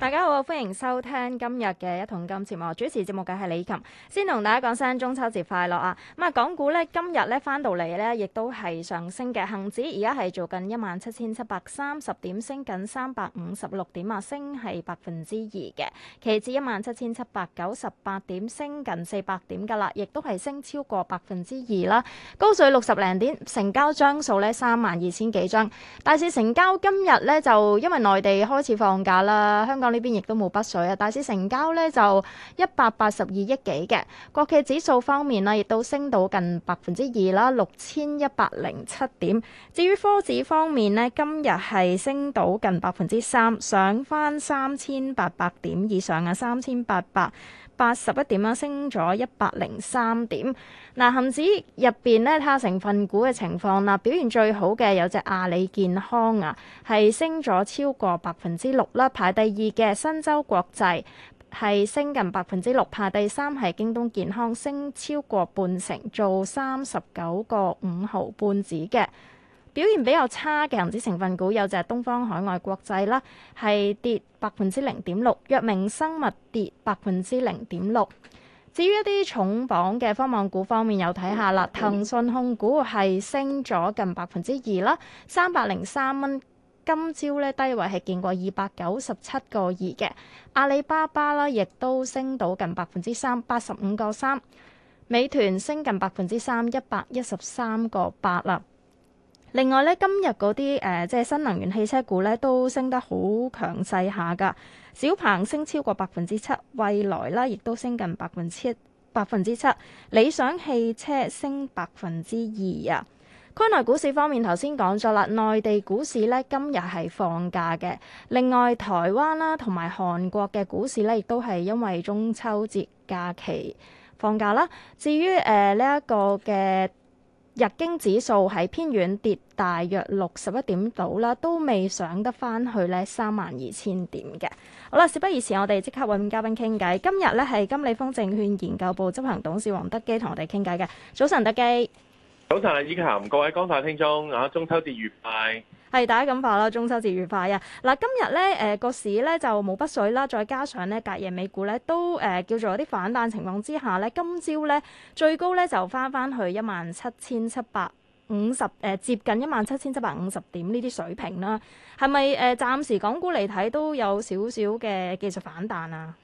大家好，歡迎收聽今日嘅一桶金節目。主持節目嘅係李琴，先同大家講聲中秋節快樂啊！咁啊，港股咧今日咧翻到嚟咧，亦都係上升嘅，恒指而家係做近一萬七千七百三十點，升近三百五十六點啊，升係百分之二嘅，期指一萬七千七百九十八點，升近四百點噶啦，亦都係升超過百分之二啦，高水六十零點，成交張數咧三萬二千幾張，大市成交今日咧就因為內地開始放假啦，香港。呢邊亦都冇筆水啊！大市成交呢就一百八十二億幾嘅，國企指數方面呢，亦都升到近百分之二啦，六千一百零七點。至於科指方面呢，今日係升到近百分之三，上返三千八百點以上啊，三千八百。八十一點啦，升咗一百零三點。嗱、嗯，恆指入邊咧，睇成份股嘅情況啦、呃。表現最好嘅有隻阿里健康啊，係升咗超過百分之六啦。排第二嘅新洲國際係升近百分之六，排第三係京東健康，升超過半成，做三十九個五毫半子嘅。表現比較差嘅恆指成分股有隻東方海外國際啦，係跌百分之零點六；藥明生物跌百分之零點六。至於一啲重磅嘅科網股方面，有睇下啦。騰訊控股係升咗近百分之二啦，三百零三蚊。今朝咧低位係見過二百九十七個二嘅。阿里巴巴啦，亦都升到近百分之三，八十五個三。美團升近百分之三，一百一十三個八啦。另外咧，今日嗰啲誒即係新能源汽車股咧，都升得好強勢下噶。小鵬升超過百分之七，蔚來啦亦都升近百分之一、百分之七，理想汽車升百分之二啊。區內股市方面，頭先講咗啦，內地股市咧今日係放假嘅。另外，台灣啦同埋韓國嘅股市咧，亦都係因為中秋節假期放假啦。至於誒呢一個嘅。日經指數喺偏遠跌大約六十一點度啦，都未上得翻去呢三萬二千點嘅。好啦，事不宜遲，我哋即刻揾嘉賓傾偈。今日呢係金利豐證券研究部執行董事王德基同我哋傾偈嘅。早晨，德基。早晨，李子涵、各位廣大聽眾啊，中秋節愉快。係大家咁化啦，中秋節愉快啊！嗱，今日咧，誒、呃、個市咧就冇筆水啦，再加上咧隔夜美股咧都誒、呃、叫做有啲反彈情況之下咧，今朝咧最高咧就翻翻去一萬七千七百五十，誒接近一萬七千七百五十點呢啲水平啦。係咪誒暫時港股嚟睇都有少少嘅技術反彈啊？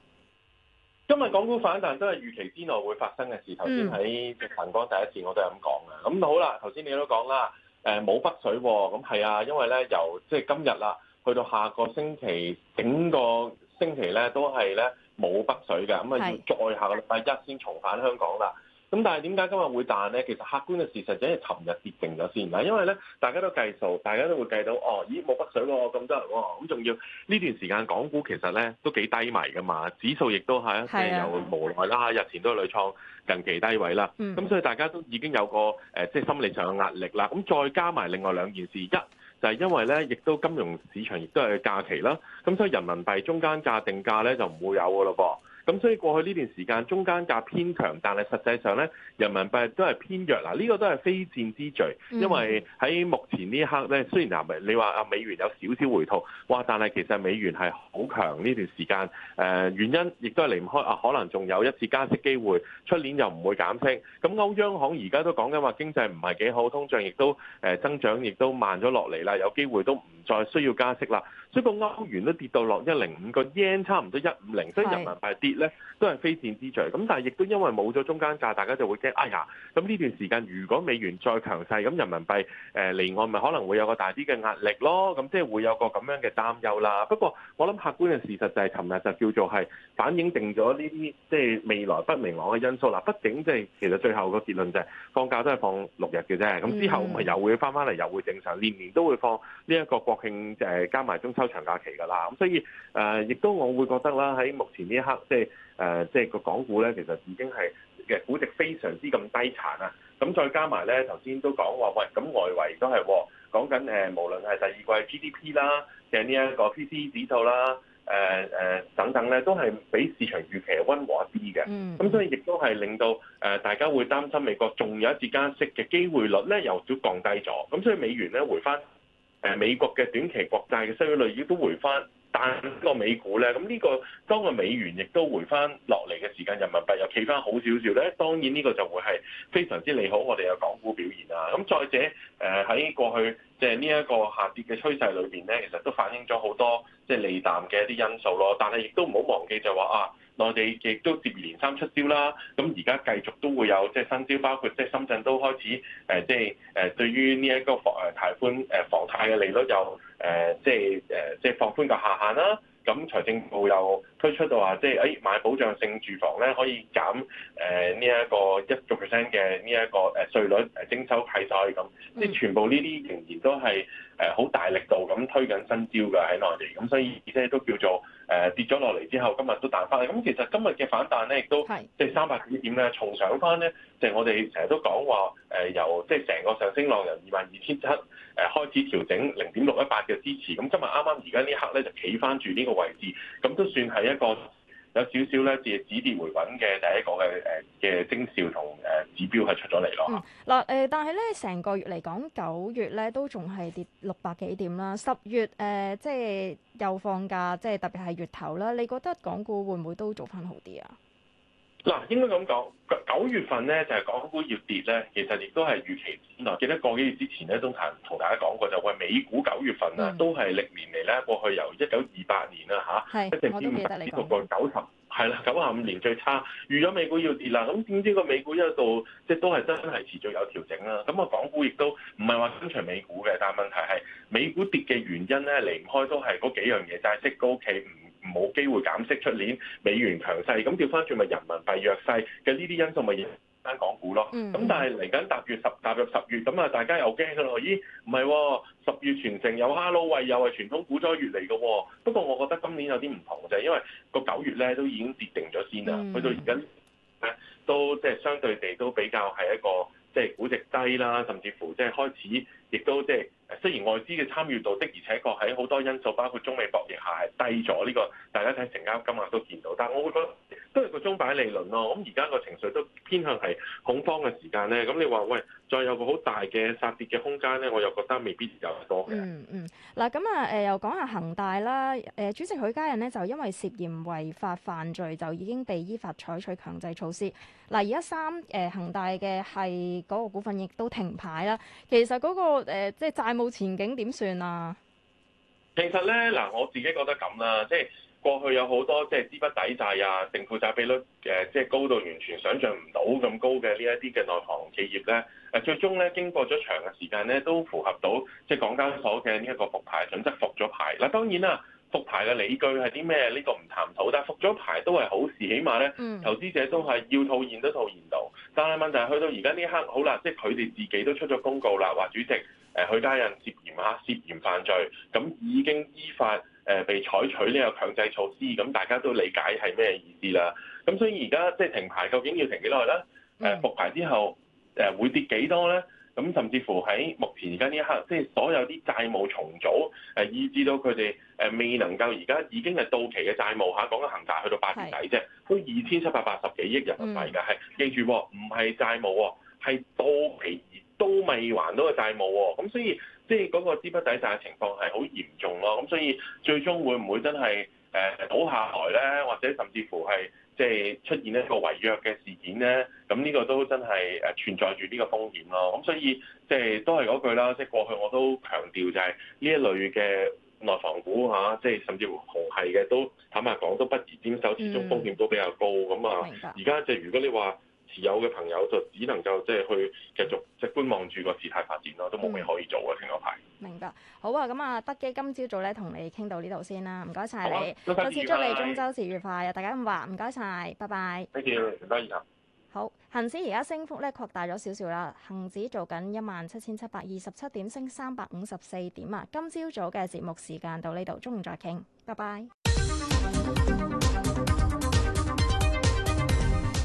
今日港股反彈都係預期之內會發生嘅事。頭先喺晨光第一線我都係咁講啊。咁好啦，頭先你都講啦。誒冇北水喎，咁係啊，因為咧由即係、就是、今日啦，去到下個星期整個星期咧都係咧冇北水嘅，咁啊的要再下個禮拜一先重返香港啦。咁但係點解今日會彈呢？其實客觀嘅事實就係尋日跌定咗先啦，因為咧大家都計數，大家都會計到哦，咦冇北水喎，咁多人咁仲，哦、要呢段時間港股其實咧都幾低迷噶嘛，指數亦都係一有無奈啦，的日前都係屢創，近期低位啦，咁的所以大家都已經有個誒，呃、即係心理上嘅壓力啦。咁再加埋另外兩件事，一就係、是，因為咧，亦都金融市場亦都係假期啦，咁所以人民幣中間價定價咧就唔會有噶咯噃。咁所以過去呢段時間中間價偏強，但係實際上咧人民幣都係偏弱嗱，呢、這個都係非戰之罪，因為喺目前呢一刻咧，雖然啊美你話啊美元有少少回吐，哇！但係其實美元係好強呢段時間，誒、呃、原因亦都係離唔開啊，可能仲有一次加息機會，出年又唔會減息。咁歐央行而家都講緊話經濟唔係幾好，通脹亦都誒增長亦都慢咗落嚟啦，有機會都唔再需要加息啦，所以個歐元都跌到落一零五個 yen 差唔多一五零，所以人民幣跌。咧都係非戰之罪咁，但係亦都因為冇咗中間價，大家就會驚。哎呀，咁呢段時間如果美元再強勢，咁人民幣誒離岸咪可能會有個大啲嘅壓力咯。咁即係會有個咁樣嘅擔憂啦。不過我諗客觀嘅事實就係、是，尋日就叫做係反映定咗呢啲即係未來不明朗嘅因素啦。畢竟即係其實最後個結論就係、是、放假都係放六日嘅啫。咁之後咪又會翻翻嚟，又會正常，嗯、年年都會放呢一個國慶誒、就係、加埋中秋長假期㗎啦。咁所以誒，亦、呃、都我會覺得啦，喺目前呢一刻即係。就係誒，即係個港股咧，其實已經係嘅估值非常之咁低殘啊！咁再加埋咧，頭先都講話喂，咁、呃、外圍都係講緊誒，無論係第二季 GDP 啦，嘅呢一個 PCE 指數啦，誒、呃、誒、呃、等等咧，都係比市場預期溫和啲嘅。咁、嗯、所以亦都係令到誒大家會擔心美國仲有一次加息嘅機會率咧，又少降低咗。咁所以美元咧回翻誒美國嘅短期國債嘅收益率亦都回翻。但個美股咧，咁呢、呢個當個美元亦都回翻落嚟嘅時間，人民幣又企翻好少少咧，當然呢個就會係非常之利好我哋嘅港股表現啊。咁再者，誒、呃、喺過去即係呢一個下跌嘅趨勢裏邊咧，其實都反映咗好多即係利淡嘅一啲因素咯。但係亦都唔好忘記就話啊。內地亦都接二連三出招啦，咁而家繼續都會有即係新招，包括即係深圳都開始誒、呃，即係誒對於呢一個房誒貸款誒房貸嘅利率又誒、呃、即係誒、呃、即係放寬個下限啦。咁財政部又推出到話，即係誒、哎、買保障性住房咧可以減誒呢一個一個 percent 嘅呢一個誒稅率誒徵收契稅咁。即係全部呢啲仍然都係。誒好大力度咁推緊新招㗎喺內地，咁所以而家都叫做誒、呃、跌咗落嚟之後，今日都彈翻。咁其實今日嘅反彈咧，亦都即係三百幾點咧重上翻咧，即、就、係、是、我哋成日都講話誒由即係成個上升浪由二萬二千七誒開始調整零點六一八嘅支持，咁今日啱啱而家呢刻咧就企翻住呢個位置，咁都算係一個。有少少咧，即係止跌回穩嘅第一個嘅誒嘅徵兆同誒指標係出咗嚟咯。嗯，嗱誒、呃，但係咧成個月嚟講，九月咧都仲係跌六百幾點啦。十月誒、呃，即係又放假，即係特別係月頭啦。你覺得港股會唔會都做翻好啲啊？嗱，應該咁講，九月份咧就係、是、港股要跌咧，其實亦都係預期。原來記得個幾月之前咧，都同大家講過就話美股九月份啊，都係歷年嚟咧過去由是一九二八年啊嚇，一直跌到九十，係啦九十五年最差。預咗美股要跌啦，咁點知個美股一路即係都係真係持續有調整啦。咁啊，港股亦都唔係話跟隨美股嘅，但問題係美股跌嘅原因咧離唔開都係嗰幾樣嘢，債息高企唔。冇機會減息，出年美元強勢，咁調翻轉咪人民幣弱勢嘅呢啲因素咪單港股咯。咁、嗯嗯、但係嚟緊踏入十踏入十月咁啊，大家又驚㗎啦。咦，唔係、哦，十月全城有 h l 哈羅喂，又係傳統股災月嚟㗎、哦。不過我覺得今年有啲唔同就係因為個九月咧都已經跌定咗先啦。去、嗯、到而家咧都即係、就是、相對地都比較係一個即係、就是、估值低啦，甚至乎即係開始亦都即係。就是雖然外資嘅參與度的而且確喺好多因素，包括中美博弈下係低咗，呢、這個大家睇成交金額都見到。但係我會覺得都係個鐘擺理論咯。咁而家個情緒都偏向係恐慌嘅時間咧，咁你話喂，再有個好大嘅殺跌嘅空間咧，我又覺得未必有多嘅、嗯。嗯嗯，嗱咁啊，誒、呃、又講下恒大啦。誒、呃、主席許家印呢，就因為涉嫌違法犯罪，就已經被依法採取強制措施。嗱、呃，而家三誒恒大嘅係嗰個股份亦都停牌啦。其實嗰、那個、呃、即係債。冇前景點算啊？其實咧嗱，我自己覺得咁啦，即係過去有好多即係資不抵債啊，淨負債比率誒，即係高到完全想象唔到咁高嘅呢一啲嘅內房企業咧，誒最終咧經過咗長嘅時間咧，都符合到即係港交所嘅呢一個復牌準則，即復咗牌嗱。當然啦，復牌嘅理據係啲咩？呢、這個唔談討，但係復咗牌都係好事，起碼咧投資者都係要套現都套現到。但係問題係去到而家呢一刻，好啦，即係佢哋自己都出咗公告啦，話主席。誒許家印涉嫌嚇涉嫌犯罪，咁已經依法誒被採取呢個強制措施，咁大家都理解係咩意思啦。咁所以而家即係停牌，究竟要停幾耐咧？誒復牌之後誒會跌幾多咧？咁甚至乎喺目前而家呢一刻，即係所有啲債務重組誒，以至到佢哋誒未能夠而家已經係到期嘅債務嚇，講緊恒大去到八月底啫，是都二千七百八十幾億人民幣嘅，係、嗯、記住唔係債務喎，係到期，都未還到個債務喎、哦，咁所以即係嗰個資不抵債嘅情況係好嚴重咯，咁所以最終會唔會真係誒倒下來呢？或者甚至乎係即係出現一個違約嘅事件呢？咁呢個都真係誒存在住呢個風險咯，咁所以即係、就是、都係嗰句啦，即、就、係、是、過去我都強調就係呢一類嘅內房股嚇，即、啊、係、就是、甚至乎紅係嘅都坦白講都不宜掂手，始終風險都比較高咁、嗯嗯、啊。而家 'm 就如果你話，持有嘅朋友就只能夠即係去繼續即係觀望住個事態發展咯，都冇咩可以做嘅。聽嗰排，明白，好啊，咁啊，德基今朝早咧，同你傾到呢度先啦，唔該晒你。再次祝你中秋節愉快啊！拜拜，大家咁話，唔該晒，拜拜。多謝大家嘅配合。好，恒指而家升幅咧擴大咗少少啦，恒指做緊一萬七千七百二十七點，升三百五十四點啊！今朝早嘅節目時間到呢度，中午再傾。拜拜。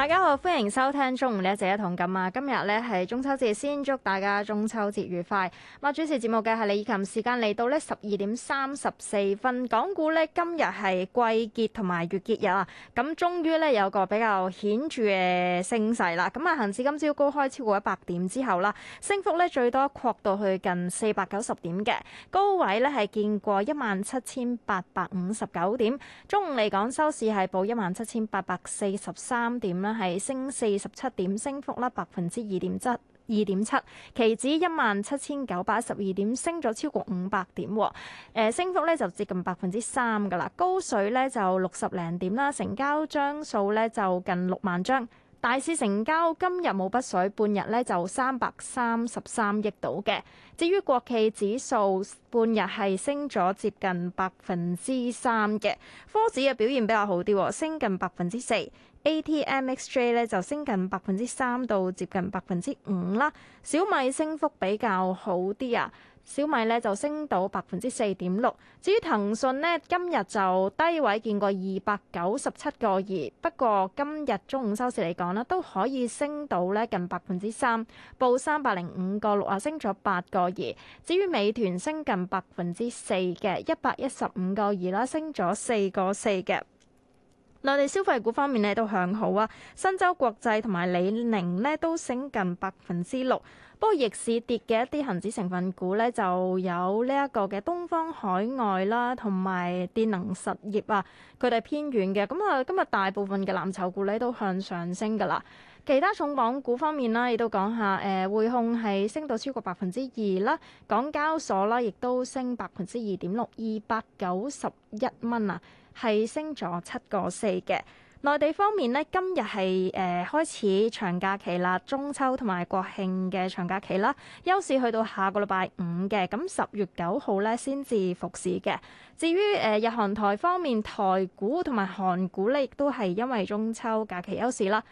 大家好，歡迎收聽中午呢一姐一桶金啊。今日呢係中秋節，先祝大家中秋節愉快。咁主持節目嘅係李琴。時間嚟到呢十二點三十四分，港股呢，今日係季結同埋月結日啊。咁終於呢有個比較顯著嘅升勢啦。咁、嗯、啊，行至今朝高開超過一百點之後啦，升幅呢最多擴到去近四百九十點嘅高位呢，係見過一萬七千八百五十九點，中午嚟講收市係報一萬七千八百四十三點啦。係升四十七點，升幅咧百分之二點七，二點七。期指一萬七千九百十二點，升咗超過五百點，誒、呃，升幅咧就接近百分之三噶啦。高水咧就六十零點啦，成交張數咧就近六萬張。大市成交今日冇不水，半日咧就三百三十三億到嘅。至於國企指數半日係升咗接近百分之三嘅，科指嘅表現比較好啲，升近百分之四。ATMXJ 咧就升近百分之三到接近百分之五啦。小米升幅比較好啲啊！小米呢就升到百分之四點六，至於騰訊呢，今日就低位見過二百九十七個二，不過今日中午收市嚟講呢都可以升到呢近百分之三，報三百零五個六啊，升咗八個二。至於美團升近百分之四嘅一百一十五個二啦，升咗四個四嘅。內地消費股方面呢都向好啊，新洲國際同埋李寧呢，都升近百分之六。不過逆市跌嘅一啲恒指成分股咧，就有呢一個嘅東方海外啦，同埋電能實業啊，佢哋偏軟嘅。咁、嗯、啊，今日大部分嘅藍籌股咧都向上升㗎啦。其他重磅股方面啦，亦都講下，誒、呃，匯控係升到超過百分之二啦，港交所啦亦都升百分之二點六，二百九十一蚊啊，係升咗七個四嘅。內地方面咧，今日係誒開始長假期啦，中秋同埋國慶嘅長假期啦，休市去到下個禮拜五嘅，咁十月九號呢先至復市嘅。至於誒日韓台方面，台股同埋韓股呢亦都係因為中秋假期休市啦。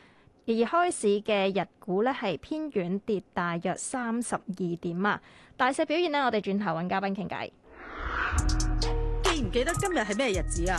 而開市嘅日股呢係偏軟跌大約三十二點啊。大市表現呢，我哋轉頭揾嘉賓傾偈。記唔記得今日係咩日子啊？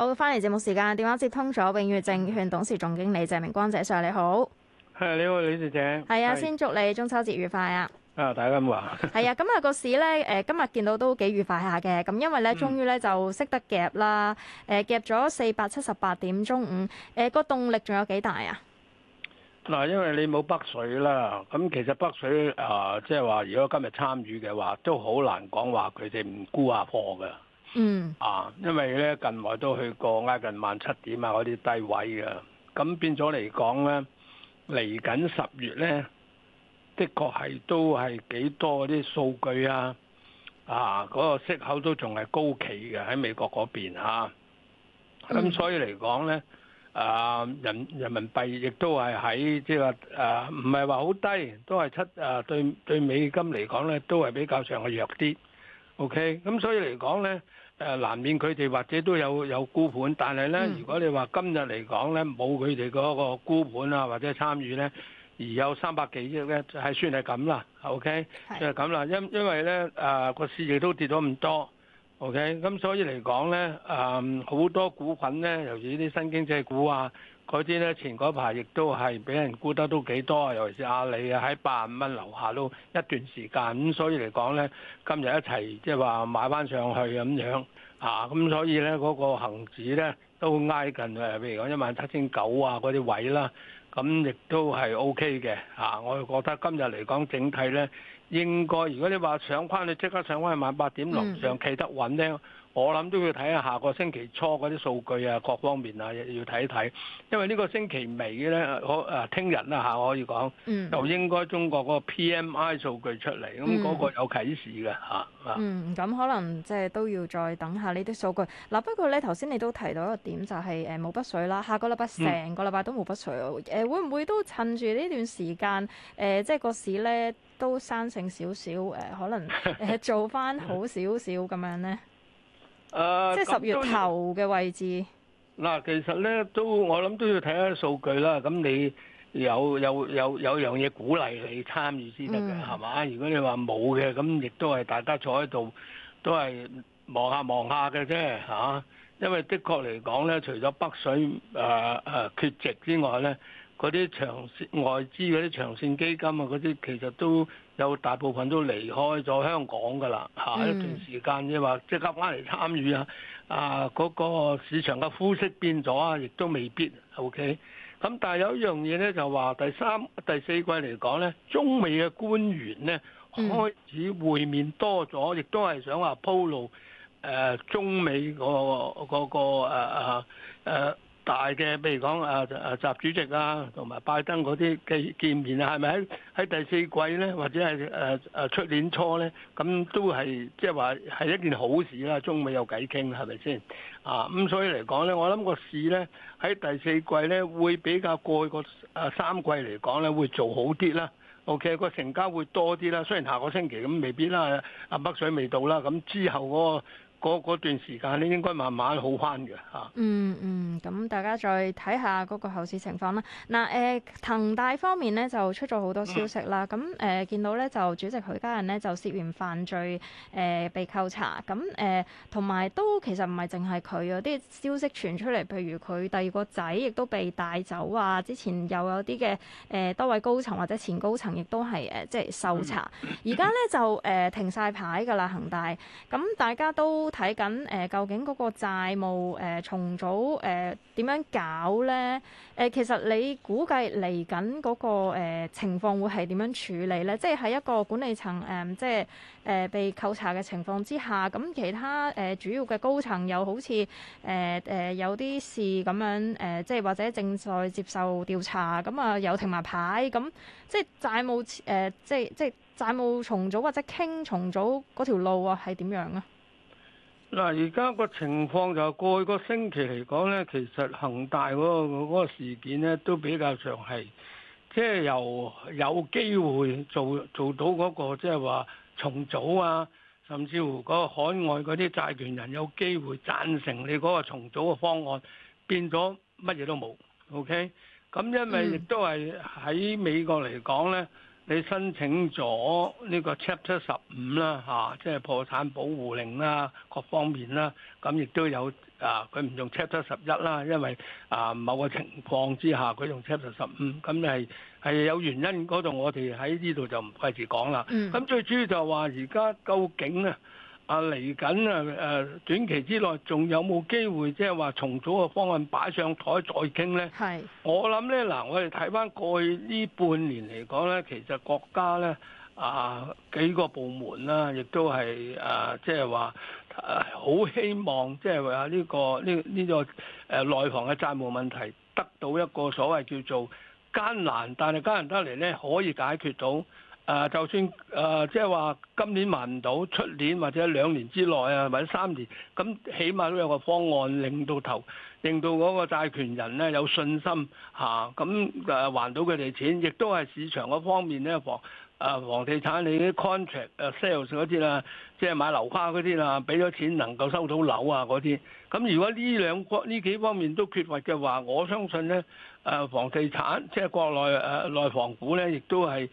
我翻嚟節目時間，電話接通咗，永越證券董事總經理鄭明光社長你好，係你好，女士姐，係啊，先祝你中秋節愉快啊！啊，大家咁話！係啊，咁啊個市咧，誒今日見到都幾愉快下嘅，咁因為咧，終於咧就識得夾啦，誒夾咗四百七十八點中午，誒個動力仲有幾大啊？嗱，因為你冇北水啦，咁其實北水啊，即係話如果今日參與嘅話，都好難講話佢哋唔沽下貨噶嗯、mm. 啊，因為咧近來都去過挨近萬七點啊嗰啲低位嘅，咁變咗嚟講咧，嚟緊十月咧，的確係都係幾多啲數據啊，啊嗰、嗰個息口都仲係高企嘅喺美國嗰邊吓，咁、啊、所以嚟講咧，啊人人民幣亦都係喺即係話誒唔係話好低，都係七誒、啊、對對美金嚟講咧都係比較上係弱啲。O K. 咁所以嚟講咧，誒、呃、難免佢哋或者都有有沽盤，但係咧，如果你話今日嚟講咧冇佢哋嗰個沽盤啊或者參與咧，而有三百幾億咧就係算係咁啦。O、okay? K. 是就係咁啦，因因為咧誒個市亦都跌咗咁多。O K. 咁所以嚟講咧誒好多股份咧，尤其呢啲新經濟股啊。嗰啲咧前嗰排亦都係俾人估得都幾多，啊。尤其是阿里啊喺八五蚊樓下都一段時間，咁、嗯、所以嚟講咧，今日一齊即係話買翻上去咁樣，啊咁、嗯、所以咧嗰、那個恆指咧都挨近誒，譬如講一萬七千九啊嗰啲位啦，咁亦都係 O K 嘅，啊、嗯嗯 OK、啊我覺得今日嚟講整體咧應該，如果你話上翻你即刻上翻去萬八點樓上企得穩咧。我諗都要睇下下個星期初嗰啲數據啊，各方面啊，要睇一睇。因為呢個星期尾咧，我誒聽日啦嚇，我可以講、嗯、就應該中國嗰個 PMI 數據出嚟，咁、那、嗰個有啟示嘅嚇、嗯、啊。咁、嗯、可能即係都要再等下呢啲數據嗱、啊。不過咧，頭先你都提到一個點、就是，就係誒冇筆水啦。下個禮拜成個禮拜都冇筆水誒，嗯、會唔會都趁住呢段時間誒、呃，即係個市咧都生性少少誒、呃，可能誒、呃、做翻好少少咁樣咧？誒，呃、即係十月頭嘅位置嗱，嗯、其實咧都我諗都要睇下數據啦。咁你有有有有樣嘢鼓勵你參與先得嘅，係嘛、嗯？如果你話冇嘅，咁亦都係大家坐喺度都係望下望下嘅啫，嚇、啊。因為的確嚟講咧，除咗北水誒誒、呃呃、缺席之外咧。嗰啲長線外資嗰啲長線基金啊，嗰啲其實都有大部分都離開咗香港㗎啦，吓一段時間啫嘛，即刻返嚟參與啊！啊，嗰個市場嘅膚色變咗啊，亦都未必 OK。咁但係有一樣嘢咧，就話第三第四季嚟講咧，中美嘅官員咧開始會面多咗，亦都係想話鋪路誒，中美嗰個嗰個誒、啊啊大嘅，譬如講啊啊習主席啊，同埋拜登嗰啲嘅見面啊，係咪喺喺第四季咧，或者係誒誒出年初咧？咁都係即係話係一件好事啦，中美有偈傾，係咪先？啊，咁所以嚟講咧，我諗個市咧喺第四季咧，會比較過去個誒、啊、三季嚟講咧，會做好啲啦。OK，個成交會多啲啦。雖然下個星期咁未必啦，阿北水未到啦，咁之後嗰、個。嗰段時間咧，應該慢慢好翻嘅嚇。嗯嗯，咁大家再睇下嗰個後市情況啦。嗱、呃、誒，恒大方面咧就出咗好多消息啦。咁誒、嗯呃、見到咧就主席許家印咧就涉嫌犯罪誒、呃、被扣查。咁誒同埋都其實唔係淨係佢啊，啲消息傳出嚟，譬如佢第二個仔亦都被帶走啊。之前又有啲嘅誒多位高層或者前高層亦都係誒、呃、即係搜查。而家咧就誒、呃、停晒牌噶啦，恒大。咁大家都。都睇緊誒，究竟嗰個債務、呃、重組誒點、呃、樣搞咧？誒、呃，其實你估計嚟緊嗰個、呃、情況會係點樣處理咧？即係喺一個管理層誒、呃，即係誒被扣查嘅情況之下，咁其他誒、呃、主要嘅高層又好似誒誒有啲事咁樣誒、呃，即係或者正在接受調查，咁、嗯、啊，有、呃、停埋牌咁，即係債務誒、呃，即係即係債務重組或者傾重組嗰條路啊，係點樣啊？嗱，而家個情況就過去個星期嚟講咧，其實恆大嗰個事件咧都比較詳細，係即係由有機會做做到嗰個即係話重組啊，甚至乎嗰個海外嗰啲債權人有機會贊成你嗰個重組嘅方案，變咗乜嘢都冇。OK，咁因為亦都係喺美國嚟講咧。你申請咗呢個 Chapter 十五啦，嚇，即係破產保護令啦，各方面啦，咁、啊、亦都有啊，佢唔用 Chapter 十一啦，因為啊某個情況之下佢用 Chapter 十五、啊，咁你係係有原因嗰度，我哋喺呢度就唔費事講啦。咁、啊、最主要就係話而家究竟啊？啊，嚟緊啊！誒，短期之內仲有冇機會即係話重組嘅方案擺上台再傾呢？係是、啊，我諗呢，嗱，我哋睇翻過去呢半年嚟講呢，其實國家呢啊幾個部門啦、啊，亦都係誒即係話誒好希望即係話呢個呢呢、呢個誒、呢個啊、內房嘅債務問題得到一個所謂叫做艱難，但係艱難得嚟呢，可以解決到。誒、呃，就算誒，即係話今年還唔到，出年或者兩年之內啊，或者三年，咁起碼都有個方案令到頭，令到嗰個債權人咧有信心嚇，咁、啊、誒還到佢哋錢，亦都係市場嗰方面咧房誒、呃、房地產你啲 contract 誒 sales 嗰啲啦，即、就、係、是、買樓花嗰啲啦，俾咗錢能夠收到樓啊嗰啲，咁如果呢兩個呢幾方面都缺乏嘅話，我相信咧誒房地產即係、就是、國內誒、呃、內房股咧，亦都係。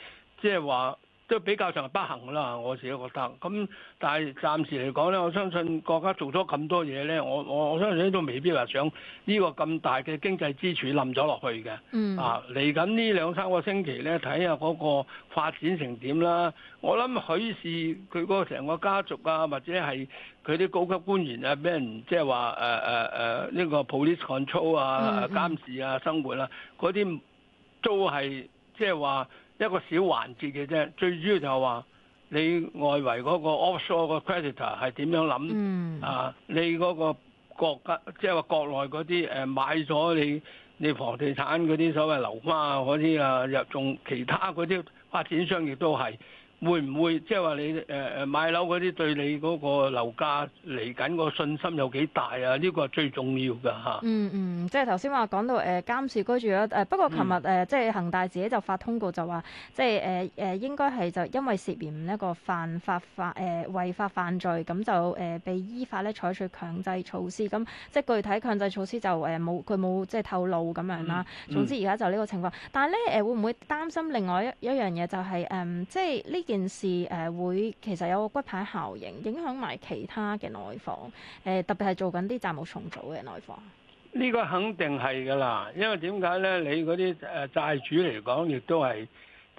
即係話，即係比較上係不幸啦，我自己覺得。咁但係暫時嚟講咧，我相信國家做咗咁多嘢咧，我我我相信都未必話想呢個咁大嘅經濟支柱冧咗落去嘅。嗯、mm. 啊，嚟緊呢兩三個星期咧，睇下嗰個發展成點啦。我諗許氏佢嗰個成個家族啊，或者係佢啲高級官員啊，俾人即係話誒誒誒呢個 police Control 啊、mm. 監視啊、生活啦、啊，嗰啲都係即係話。就是一個小環節嘅啫，最主要就係話你外圍嗰個 offshore 嘅 creditor 係點樣諗、mm. 啊？你嗰個國家即係話國內嗰啲誒買咗你你房地產嗰啲所謂樓花啊嗰啲啊入仲其他嗰啲發展商亦都係。會唔會即係話你誒誒買樓嗰啲對你嗰個樓價嚟緊個信心有幾大啊？呢個係最重要㗎嚇。嗯嗯，即係頭先話講到誒監視居住啦誒，不過琴日誒、嗯、即係恒大自己就發通告，就話，即係誒誒應該係就因為涉嫌一個犯法犯誒違法犯罪，咁就誒被依法咧採取強制措施。咁即係具體強制措施就誒冇佢冇即係透露咁樣啦。總之而家就呢個情況，但係咧誒會唔會擔心另外一一樣嘢就係、是、誒、嗯、即係呢？件事誒會其實有個骨牌效應影響埋其他嘅內房誒、呃、特別係做緊啲債務重組嘅內房。呢個肯定係噶啦，因為點解咧？你嗰啲誒債主嚟講亦都係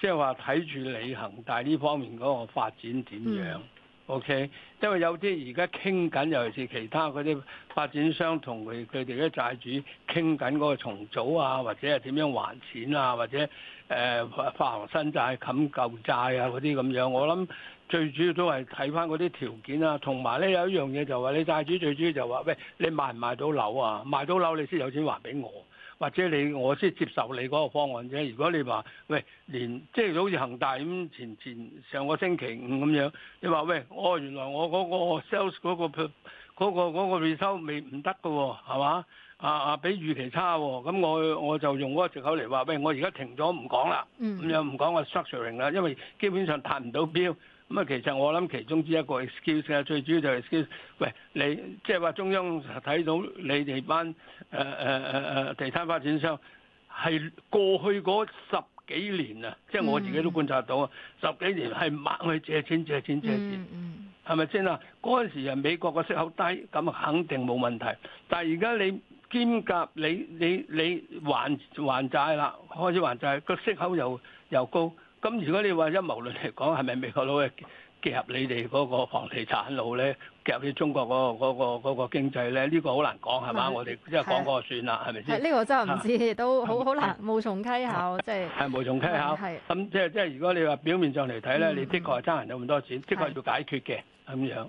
即係話睇住你恒大呢方面嗰個發展點樣、嗯、OK，因為有啲而家傾緊尤其是其他嗰啲發展商同佢佢哋啲債主傾緊嗰個重組啊，或者係點樣還錢啊，或者。誒發行新債、冚舊債啊嗰啲咁樣，我諗最主要都係睇翻嗰啲條件啊，同埋咧有一樣嘢就係你債主最主要就話，喂，你賣唔賣到樓啊？賣到樓你先有錢還俾我，或者你我先接受你嗰個方案啫。如果你話喂，連即係好似恒大咁，前前上個星期五咁樣，你話喂，我、哦、原來我嗰個 sales 嗰個嗰個嗰個未收未唔得噶喎，係嘛？啊啊！比預期差喎，咁我我就用嗰個藉口嚟話，喂，我而家停咗唔講啦，咁又唔講我 structuring 啦，因為基本上彈唔到標。咁啊，其實我諗其中之一個 excuse 啊，最主要就係 excuse，喂，你即係話中央睇到你哋班誒誒誒誒地產發展商係過去嗰十幾年啊，即係我自己都觀察到啊，十幾年係猛去借錢借錢借錢，係咪先啊？嗰陣時啊，美國個息口低，咁啊肯定冇問題。但係而家你兼夾你你你還還債啦，開始還債，個息口又又高。咁如果你話一無論嚟講，係咪美國佬結合你哋嗰個房地產佬咧，夾你中國嗰個嗰個嗰個經濟咧？呢個好難講係嘛？我哋即係講過算啦，係咪先？係呢個真係唔知，都好好難無從稽考，即係係無從稽考。咁即係即係如果你話表面上嚟睇咧，你的確係爭人咗咁多錢，的確係要解決嘅咁樣。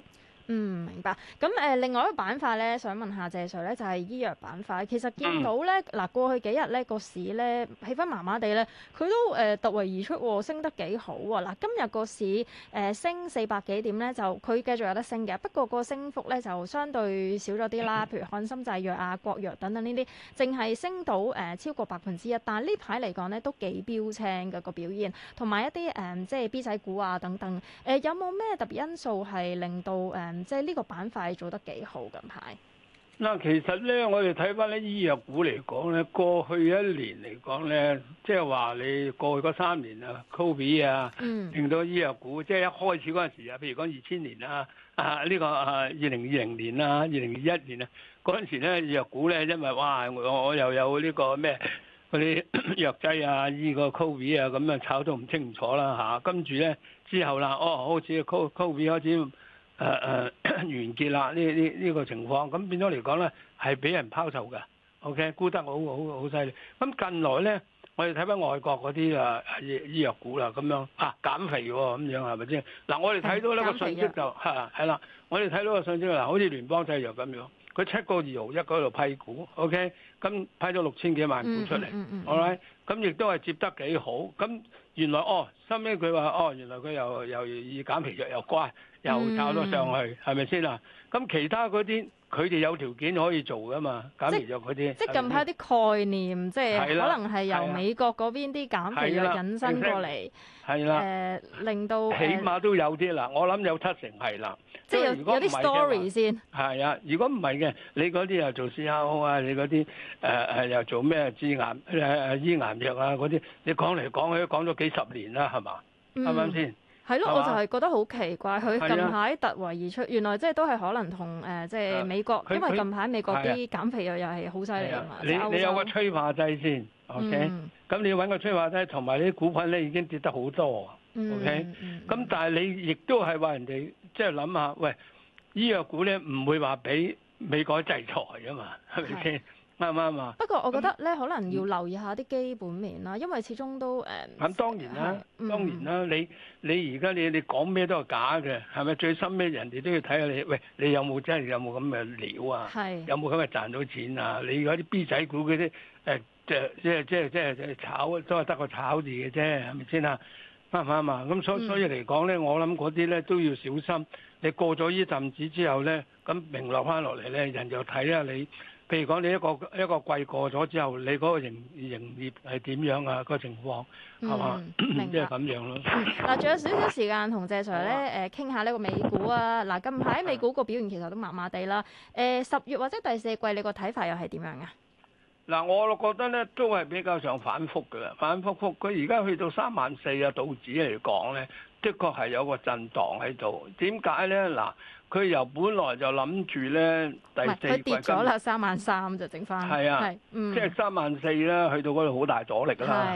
嗯，明白。咁誒、呃，另外一個板塊咧，想問下謝 Sir 咧，就係、是、醫藥板塊。其實見到咧，嗱、嗯，過去幾日咧個市咧氣氛麻麻地咧，佢都誒突圍而出、哦，升得幾好喎、哦。嗱，今日個市誒、呃、升四百幾點咧，就佢繼續有得升嘅。不過個升幅咧就相對少咗啲啦。譬如翰森、製藥啊、國藥等等呢啲，淨係升到誒、呃、超過百分之一。但係呢排嚟講咧都幾標青嘅、這個表現，同埋一啲誒、呃、即係 B 仔股啊等等。誒、呃、有冇咩特別因素係令到誒？呃呃即係呢個板塊做得幾好，近排嗱。其實咧，我哋睇翻咧醫藥股嚟講咧，過去一年嚟講咧，即係話你過去嗰三年啊，Covid 啊，令到醫藥股即係、即係、一開始嗰陣時啊，譬如講二千年啊，啊呢、呢個啊二零二零年啊，二零二一年啊，嗰陣時咧藥股咧，因為哇我，我又有呢個咩嗰啲藥劑啊，依個 Covid 啊，咁啊炒到唔清楚啦嚇。跟住咧之後啦，哦，好似 CO 開始 Covid 開始。誒誒， 完結啦！呢呢呢個情況，咁變咗嚟講咧，係俾人拋售嘅。OK，沽得好好好犀利。咁近來咧，我哋睇翻外國嗰啲誒醫藥股啦，咁樣啊減肥咁樣係咪先？嗱、啊，我哋睇到呢個、er、個信息就嚇係啦。我哋睇到個信息嗱，好似聯邦製藥咁樣，佢七個二毫一嗰度批股，OK，咁批咗六千幾萬股出嚟、嗯。嗯嗯嗯。好啦，咁、啊、亦都係接得幾好。咁原來哦，收尾佢話哦，原來佢又又與減肥藥有關。嗯、又炒到上去，係咪先啦？咁其他嗰啲佢哋有條件可以做噶嘛？減肥藥嗰啲，即係近排啲概念，即係可能係由美國嗰邊啲減肥藥引申過嚟，誒、呃、令到起碼都有啲啦。我諗有七成係啦。即係有有啲 story 先。係啊，如果唔係嘅，你嗰啲又做試眼、呃呃呃、啊，你嗰啲誒誒又做咩治癌誒醫癌藥啊嗰啲？你講嚟講去都講咗幾十年啦，係嘛？啱唔啱先？係咯，我就係覺得好奇怪，佢近排突圍而出，啊、原來即係都係可能同誒、呃，即係美國，因為近排美國啲減肥藥又係好犀利啊！你洲你有個催化劑先，OK？咁、嗯、你要揾個催化劑，同埋你啲股份咧已經跌得好多，OK？咁、嗯嗯、但係你亦都係話人哋即係諗下，喂，醫藥股咧唔會話俾美國制裁㗎嘛，係咪先？啱唔啱啊？是不，是不過我覺得咧，可能要留意下啲基本面啦，因為始終都誒。咁、嗯、當然啦，是當然啦，你你而家你你講咩都係假嘅，係咪？最深咩人哋都要睇下你，喂，你有冇真係有冇咁嘅料啊？係是有冇咁嘅賺到錢啊？你嗰啲 B 仔股嗰啲誒，即係即係即係炒都係得個炒字嘅啫，係咪先啊？啱唔啱啊？咁所所以嚟講咧，我諗嗰啲咧都要小心。你過咗呢陣子之後咧，咁明落翻落嚟咧，人就睇下你。譬如講你一個一個季過咗之後，你嗰個營營業係點樣啊？個情況係嘛？即係咁樣咯。嗱，仲有少少時間同謝 Sir 咧誒傾下呢個美股啊！嗱，近排美股個表現其實都麻麻地啦。誒，十月或者第四季你個睇法又係點樣啊？嗱，我覺得咧都係比較上反覆噶啦，反覆覆佢而家去到三萬四啊，道指嚟講咧，的確係有個震盪喺度。點解咧？嗱？佢由本來就諗住咧第四季，跌咗啦，三萬三就整翻，係啊，是嗯、即係三萬四啦，去到嗰度好大阻力啦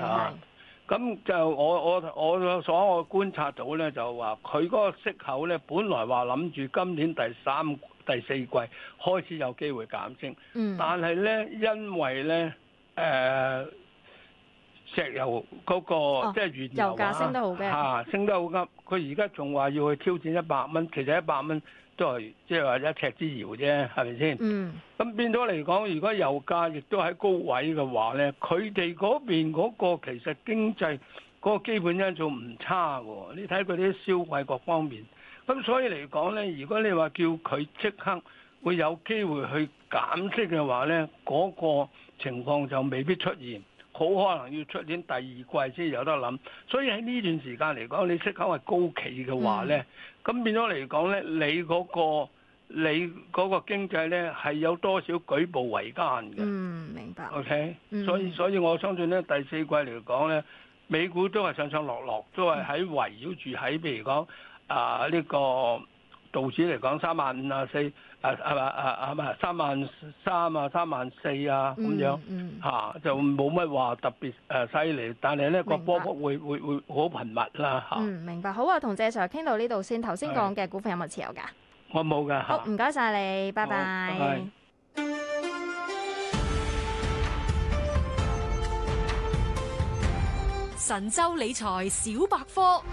吓。咁、啊、就我我我所我觀察到咧，就話佢嗰個息口咧，本來話諗住今年第三第四季開始有機會減升，嗯、但係咧因為咧誒。呃石油嗰、那個即係、哦、原油啊，油價升得好急。佢而家仲話要去挑戰一百蚊，其實、就是、一百蚊都係即係話一尺之遙啫，係咪先？嗯，咁變咗嚟講，如果油價亦都喺高位嘅話咧，佢哋嗰邊嗰個其實經濟嗰個基本因素唔差嘅喎，你睇佢啲消費各方面，咁所以嚟講咧，如果你話叫佢即刻會有機會去減息嘅話咧，嗰、那個情況就未必出現。好可能要出年第二季先有得諗，所以喺呢段時間嚟講，你息口係高企嘅話呢，咁、mm hmm. 變咗嚟講呢，你嗰、嗰個你嗰個經濟咧係有多少舉步維艱嘅？嗯，明白。O K，所以所以我相信呢，第四季嚟講呢，美股都係上上落落，都係喺圍繞住喺譬如講啊呢個。道指嚟講三萬五啊四，誒係嘛誒誒嘛三萬三啊三萬四啊咁樣嚇，就冇乜話特別誒犀利，但係咧個波幅會會會好頻密啦嚇。嗯，明白。好啊，同謝 Sir 傾到呢度先。頭先講嘅股份有冇持有㗎？我冇㗎嚇。好，唔該晒你，拜拜。神州理財小百科。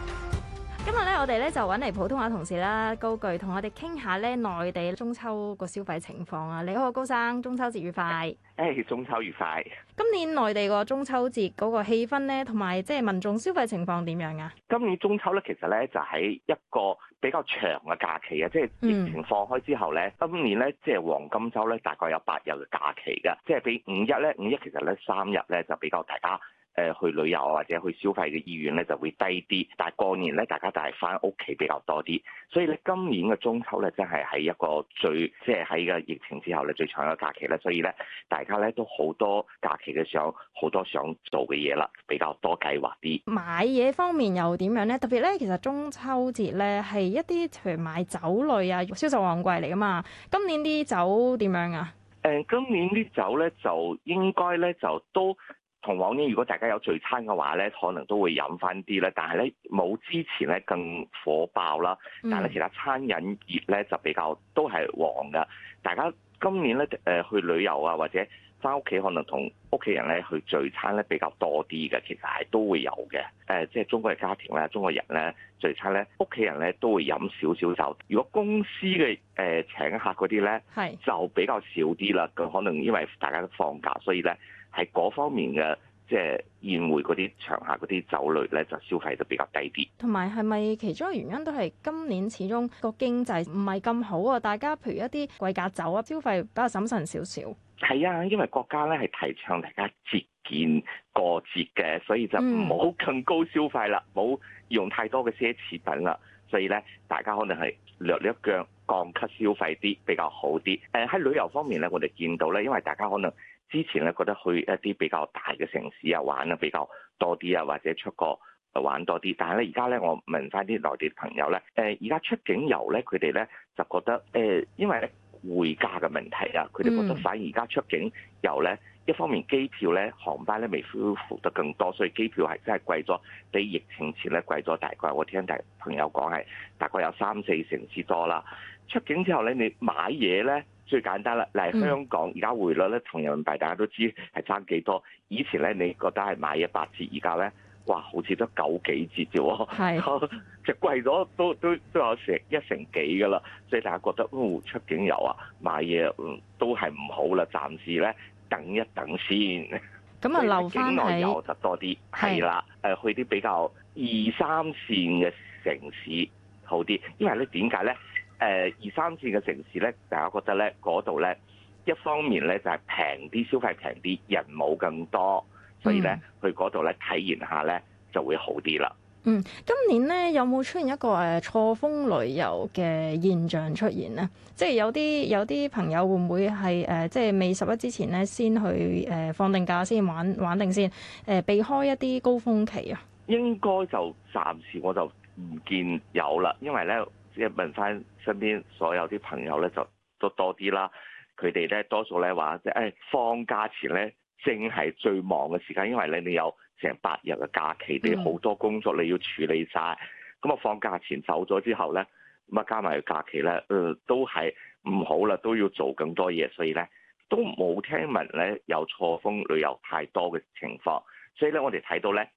今日咧，我哋咧就揾嚟普通話同事啦，高鋭同我哋傾下咧內地中秋個消費情況啊！你好，高生，中秋節愉快！誒，hey, 中秋愉快！今年內地個中秋節嗰個氣氛咧，同埋即係民眾消費情況點樣啊？今年中秋咧，其實咧就喺一個比較長嘅假期啊！即係疫情放開之後咧，嗯、今年咧即係黃金週咧，大概有八日嘅假期㗎，即係比五一咧，五一其實咧三日咧就比較大家。誒去旅遊啊，或者去消費嘅意願咧就會低啲，但係過年咧，大家就係返屋企比較多啲，所以咧今年嘅中秋咧，真係喺一個最即係喺個疫情之後咧最長嘅假期咧，所以咧大家咧都好多假期嘅時候，好多想做嘅嘢啦，比較多計劃啲。買嘢方面又點樣咧？特別咧，其實中秋節咧係一啲譬如買酒類啊，銷售旺季嚟㗎嘛。今年啲酒點樣啊？誒、嗯，今年啲酒咧就應該咧就都。同往年，如果大家有聚餐嘅話咧，可能都會飲翻啲咧。但係咧冇之前咧更火爆啦。但係其他餐飲業咧就比較都係旺噶。大家今年咧誒、呃、去旅遊啊，或者翻屋企可能同屋企人咧去聚餐咧比較多啲嘅。其實係都會有嘅。誒、呃，即係中國嘅家庭咧，中國人咧聚餐咧，屋企人咧都會飲少少酒。如果公司嘅誒、呃、請客嗰啲咧，就比較少啲啦。佢可能因為大家都放假，所以咧。喺嗰方面嘅，即係宴會嗰啲場合嗰啲酒類咧，就消費都比較低啲。同埋係咪其中一個原因都係今年始終個經濟唔係咁好啊？大家譬如一啲貴價酒啊，消費比較謹慎少少。係啊，因為國家咧係提倡大家節儉過節嘅，所以就唔好更高消費啦，冇、嗯、用太多嘅奢侈品啦。所以咧，大家可能係略略一腳降級消費啲比較好啲。誒、呃、喺旅遊方面咧，我哋見到咧，因為大家可能。之前咧覺得去一啲比較大嘅城市啊玩啊比較多啲啊，或者出國玩多啲，但係咧而家咧我問返啲內地朋友咧，誒而家出境遊咧佢哋咧就覺得誒，因為咧匯價嘅問題啊，佢哋覺得反而而家出境遊咧。一方面機票咧，航班咧未恢復得更多，所以機票係真係貴咗，比疫情前咧貴咗大概我聽大朋友講係大概有三四成之多啦。出境之後咧，你買嘢咧最簡單啦，嚟香港而家匯率咧同人民幣大家都知係差幾多。以前咧你覺得係買嘢八折，而家咧哇好似都九幾折啫喎，係即係貴咗都都都有成一成幾噶啦，所以大家覺得哦出境遊啊買嘢、嗯、都係唔好啦，暫時咧。等一等先，咁啊留翻係，就多啲係啦。誒的，去啲比較二三線嘅城市好啲，嗯，因為咧點解咧？誒，二三線嘅城市咧，大家覺得咧，嗰度咧，一方面咧就係平啲，消費平啲，人冇咁多，所以咧去嗰度咧體驗下咧就會好啲啦。嗯，今年咧有冇出現一個誒、呃、錯峯旅遊嘅現象出現呢？即係有啲有啲朋友會唔會係誒、呃、即係未十一之前咧先去誒、呃、放定假先玩玩定先誒、呃、避開一啲高峰期啊？應該就暫時我就唔見有啦，因為咧即係問翻身邊所有啲朋友咧就都多啲啦，佢哋咧多數咧話即係放假前咧正係最忙嘅時間，因為你哋有。成八日嘅假期，你好多工作你要處理晒。咁啊、mm hmm. 放假前走咗之後咧，咁啊加埋個假期咧，誒、呃、都係唔好啦，都要做咁多嘢，所以咧都冇聽聞咧有錯峯旅遊太多嘅情況，所以咧我哋睇到咧，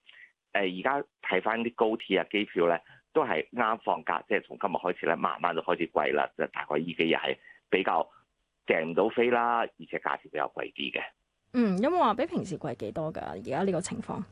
誒而家睇翻啲高鐵啊機票咧，都係啱放假，即係從今日開始咧，慢慢就開始貴啦，就大概依幾日係比較訂唔到飛啦，而且價錢比較貴啲嘅。嗯，有冇話比平時貴幾多噶？而家呢個情況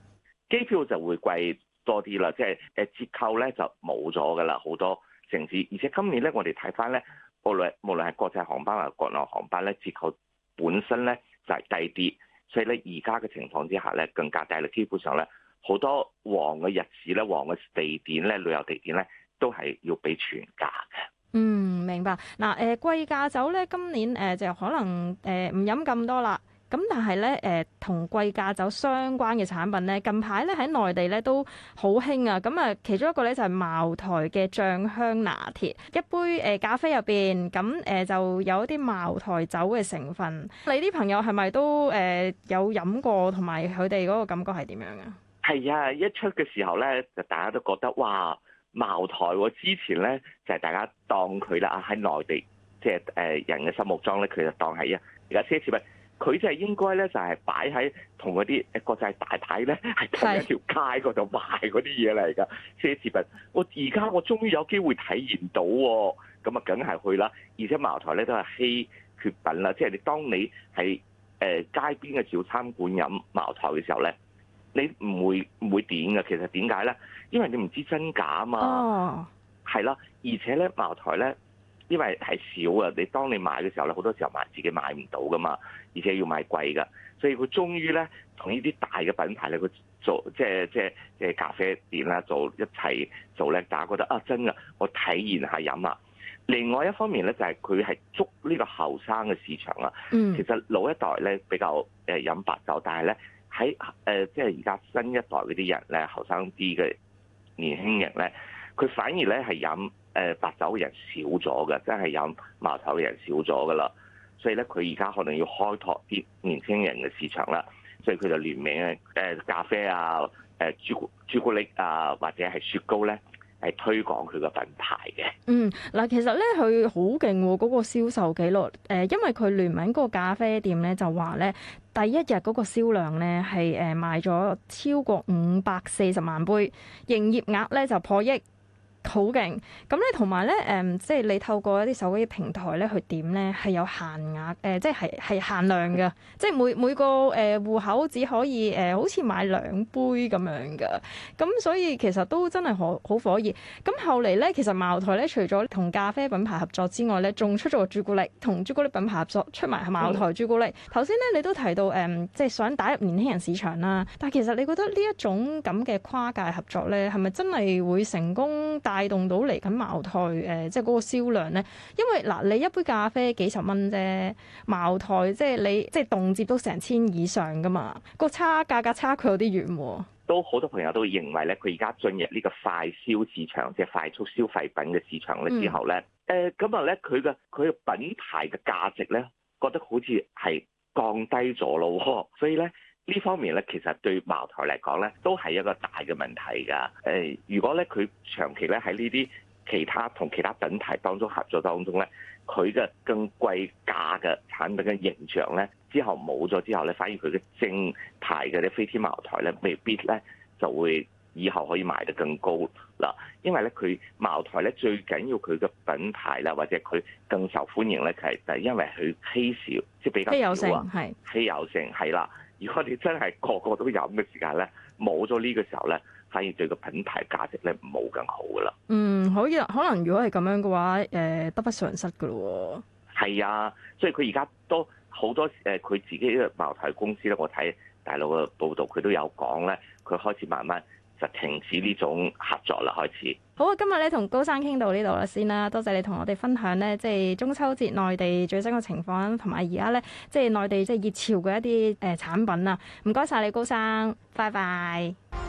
機票就會貴多啲啦，即係誒折扣咧就冇咗噶啦。好多城市而且今年咧，我哋睇翻咧，無論無論係國際航班或國內航班咧，折扣本身咧就係、是、低啲，所以咧而家嘅情況之下咧，更加低啦。基本上咧，好多旺嘅日子咧，旺嘅地點咧，旅遊地點咧，都係要俾全價嘅。嗯，明白。嗱，誒、呃、貴價酒咧，今年誒、呃、就可能誒唔飲咁多啦。咁但係咧，誒同貴價酒相關嘅產品咧，近排咧喺內地咧都好興啊。咁啊，其中一個咧就係茅台嘅醬香拿鐵，一杯誒咖啡入邊，咁誒就有一啲茅台酒嘅成分。你啲朋友係咪都誒有飲過，同埋佢哋嗰個感覺係點樣啊？係啊，一出嘅時候咧，就大家都覺得哇，茅台之前咧就係大家當佢啦，喺內地即係誒人嘅心目中咧，佢就當係啊而家奢侈品。佢就係應該咧，就係擺喺同嗰啲國際大牌咧，係同一條街嗰度賣嗰啲嘢嚟㗎奢侈品。我而家我終於有機會體驗到、哦，咁啊，梗係去啦！而且茅台咧都係稀缺品啦，即係你當你喺誒、呃、街邊嘅小餐館飲茅台嘅時候咧，你唔會唔會點㗎？其實點解咧？因為你唔知真假啊嘛。哦。係啦，而且咧，茅台咧。因為係少啊，你當你買嘅時候咧，好多時候買自己買唔到噶嘛，而且要買貴噶，所以佢終於咧同呢啲大嘅品牌咧，佢做即係即係即咖啡店啦，做一齊做叻仔，大家覺得啊真噶，我體驗下飲啊。另外一方面咧，就係佢係捉呢個後生嘅市場啊。嗯。其實老一代咧比較誒飲白酒，但係咧喺誒即係而家新一代嗰啲人咧，後生啲嘅年輕人咧，佢反而咧係飲。誒白酒人少咗嘅，真係飲茅台嘅人少咗噶啦，所以咧佢而家可能要開拓啲年輕人嘅市場啦，所以佢就聯名誒誒咖啡啊、誒朱古朱古力啊，或者係雪糕咧，係推廣佢個品牌嘅。嗯嗱，其實咧佢好勁嗰個銷售記錄誒，因為佢聯名嗰個咖啡店咧就話咧第一日嗰個銷量咧係誒賣咗超過五百四十萬杯，營業額咧就破億。好勁咁咧，同埋咧，誒、嗯，即係你透過一啲手機平台咧去點咧，係有限額，誒、呃，即係係限量嘅，即係每每個誒戶口只可以誒、呃，好似買兩杯咁樣嘅，咁所以其實都真係好好火熱。咁後嚟咧，其實茅台咧，除咗同咖啡品牌合作之外咧，仲出咗個朱古力，同朱古力品牌合作出埋茅台朱古力。頭先咧，你都提到誒、嗯，即係想打入年輕人市場啦，但係其實你覺得呢一種咁嘅跨界合作咧，係咪真係會成功？帶動到嚟緊茅台誒、呃，即係嗰個銷量咧。因為嗱，你一杯咖啡幾十蚊啫，茅台即係你即係動輒都成千以上噶嘛，個差價格差距有啲遠，哦。都好多朋友都認為咧，佢而家進入呢個快消市場，即係快速消費品嘅市場咧之後咧，誒咁啊咧，佢嘅佢品牌嘅價值咧，覺得好似係降低咗咯，所以咧。呢方面咧，其實對茅台嚟講咧，都係一個大嘅問題㗎。誒，如果咧佢長期咧喺呢啲其他同其他品牌當中合作當中咧，佢嘅更貴價嘅產品嘅形象咧，之後冇咗之後咧，反而佢嘅正牌嘅啲飛天茅台咧，未必咧就會以後可以賣得更高啦。因為咧，佢茅台咧最緊要佢嘅品牌啦，或者佢更受歡迎咧，其實就係因為佢稀少，即係比較少啊，係稀有性係啦。如果你真係個個都有嘅時間咧，冇咗呢個時候咧，反而對個品牌價值咧冇咁好噶啦。嗯，可以，可能如果係咁樣嘅話，誒、呃、得不償失噶咯。係啊，所以佢而家都好多誒，佢、呃、自己嘅茅台公司咧，我睇大陸嘅報道，佢都有講咧，佢開始慢慢，就停止呢種合作啦。開始好啊！今日咧同高生傾到呢度啦，先啦。多謝你同我哋分享咧，即係中秋節內地最新嘅情況，同埋而家咧即係內地即係熱潮嘅一啲誒、呃、產品啊。唔該晒你，高生，拜拜。